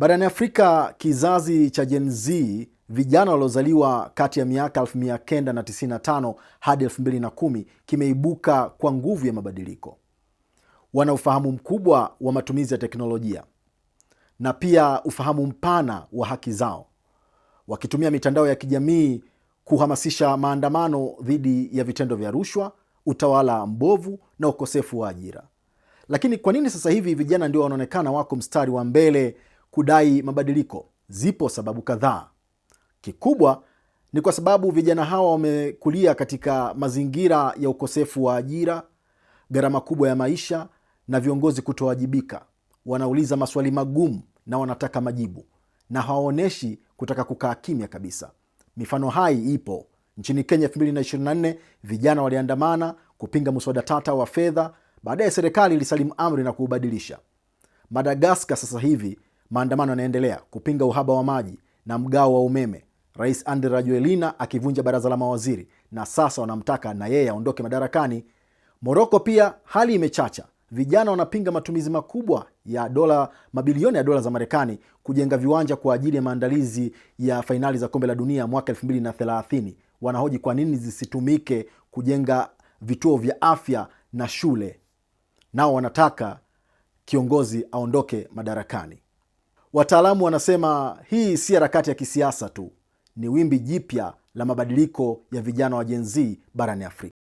Barani Afrika, kizazi cha Gen Z, vijana waliozaliwa kati ya miaka 1995 hadi 2010, kimeibuka kwa nguvu ya mabadiliko. Wana ufahamu mkubwa wa matumizi ya teknolojia na pia ufahamu mpana wa haki zao, wakitumia mitandao ya kijamii kuhamasisha maandamano dhidi ya vitendo vya rushwa, utawala mbovu na ukosefu wa ajira. Lakini kwa nini sasa hivi vijana ndio wanaonekana wako mstari wa mbele kudai mabadiliko. Zipo sababu kadhaa. Kikubwa ni kwa sababu vijana hawa wamekulia katika mazingira ya ukosefu wa ajira, gharama kubwa ya maisha na viongozi kutowajibika. Wanauliza maswali magumu na wanataka majibu na hawaonyeshi kutaka kukaa kimya kabisa. Mifano hai ipo. Nchini Kenya 2024 vijana waliandamana kupinga mswada tata wa fedha, baadaye serikali ilisalimu amri na kuubadilisha. Madagaskar sasa hivi Maandamano yanaendelea kupinga uhaba wa maji na mgao wa umeme, Rais Andry Rajoelina akivunja baraza la mawaziri na sasa wanamtaka na yeye aondoke madarakani. Moroko pia hali imechacha, vijana wanapinga matumizi makubwa ya dola mabilioni ya dola za Marekani kujenga viwanja kwa ajili ya maandalizi ya fainali za kombe la dunia mwaka 2030. Wanahoji kwa nini zisitumike kujenga vituo vya afya na shule. Nao wanataka kiongozi aondoke madarakani. Wataalamu wanasema hii si harakati ya kisiasa tu, ni wimbi jipya la mabadiliko ya vijana wa Gen Z barani Afrika.